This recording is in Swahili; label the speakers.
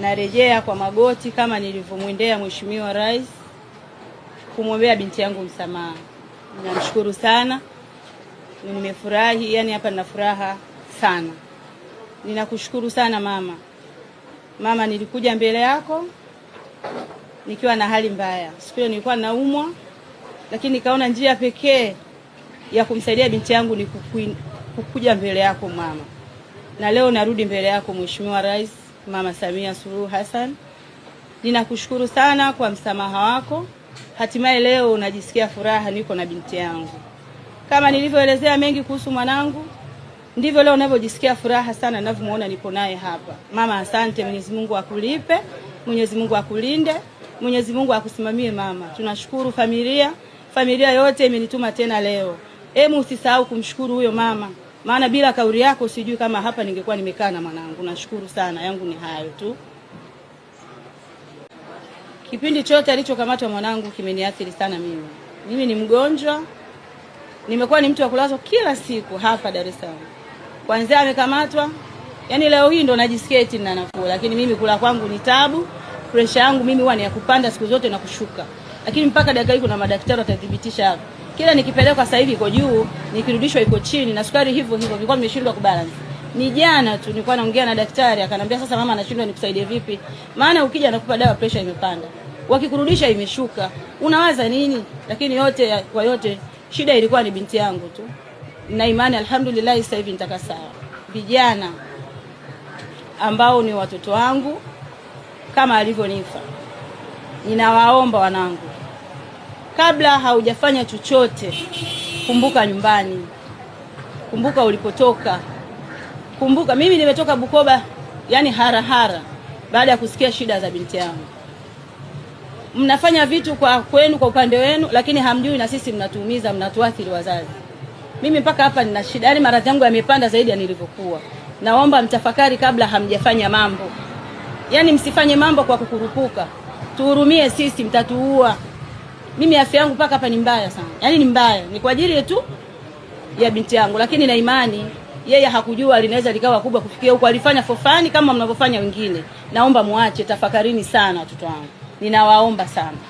Speaker 1: narejea kwa magoti kama nilivyomwendea Mheshimiwa Rais kumwombea binti yangu msamaha. Namshukuru sana, nimefurahi, yani hapa nina furaha sana. Ninakushukuru sana mama. Mama, nilikuja mbele yako nikiwa na hali mbaya, siku hiyo nilikuwa naumwa, lakini nikaona njia pekee ya kumsaidia binti yangu ni kukuja mbele yako mama, na leo narudi mbele yako Mheshimiwa Rais. Mama Samia Suluhu Hassan, ninakushukuru sana kwa msamaha wako. Hatimaye leo unajisikia furaha, niko na binti yangu. Kama nilivyoelezea mengi kuhusu mwanangu, ndivyo leo navyojisikia furaha sana ninavyomuona, niko naye hapa. Mama, asante. Mwenyezi Mungu akulipe, Mwenyezi Mungu akulinde, Mwenyezi Mungu akusimamie mama. Tunashukuru familia, familia yote imenituma tena leo. Hebu usisahau kumshukuru huyo mama maana bila kauli yako sijui kama hapa ningekuwa nimekaa na mwanangu. Nashukuru sana, yangu ni hayo tu. Kipindi chote alichokamatwa mwanangu kimeniathiri sana mimi. Mimi ni mgonjwa, nimekuwa ni mtu wa kulazwa kila siku hapa Dar es Salaam, kwanzia amekamatwa. Yaani leo hii ndo najisikia na nafuu, lakini mimi kula kwangu ni tabu. Presha yangu mimi huwa ni ya kupanda siku zote na kushuka, lakini mpaka dakika hii kuna madaktari watathibitisha hapa kila nikipelekwa sasa hivi iko juu, nikirudishwa iko chini, na sukari hivyo hivyo, nilikuwa nimeshindwa kubalance. Ni jana tu nilikuwa naongea na daktari akanambia, sasa mama anashindwa nikusaidie vipi? Maana ukija anakupa dawa pressure imepanda, wakikurudisha imeshuka, unawaza nini? Lakini yote kwa yote, shida ilikuwa ni binti yangu tu, na imani alhamdulillah, sasa hivi nitaka sawa. Vijana ambao ni watoto wangu kama alivyonifa, ninawaomba wanangu kabla haujafanya chochote, kumbuka nyumbani, kumbuka ulipotoka, kumbuka. Mimi nimetoka Bukoba, yani hara hara, baada ya kusikia shida za binti yangu. Mnafanya vitu kwa kwenu, kwa upande wenu, lakini hamjui na sisi mnatuumiza, mnatuathiri wazazi. Mimi mpaka hapa nina shida, yani maradhi yangu yamepanda zaidi ya nilivyokuwa. Naomba mtafakari kabla hamjafanya mambo, yani msifanye mambo kwa kukurupuka. Tuhurumie sisi, mtatuua mimi afya yangu mpaka hapa ni mbaya sana, yaani ni mbaya, ni kwa ajili tu ya binti yangu, lakini na imani yeye hakujua linaweza likawa kubwa kufikia huko. Alifanya fofani kama mnavyofanya wengine. Naomba muache, tafakarini sana watoto wangu, ninawaomba sana.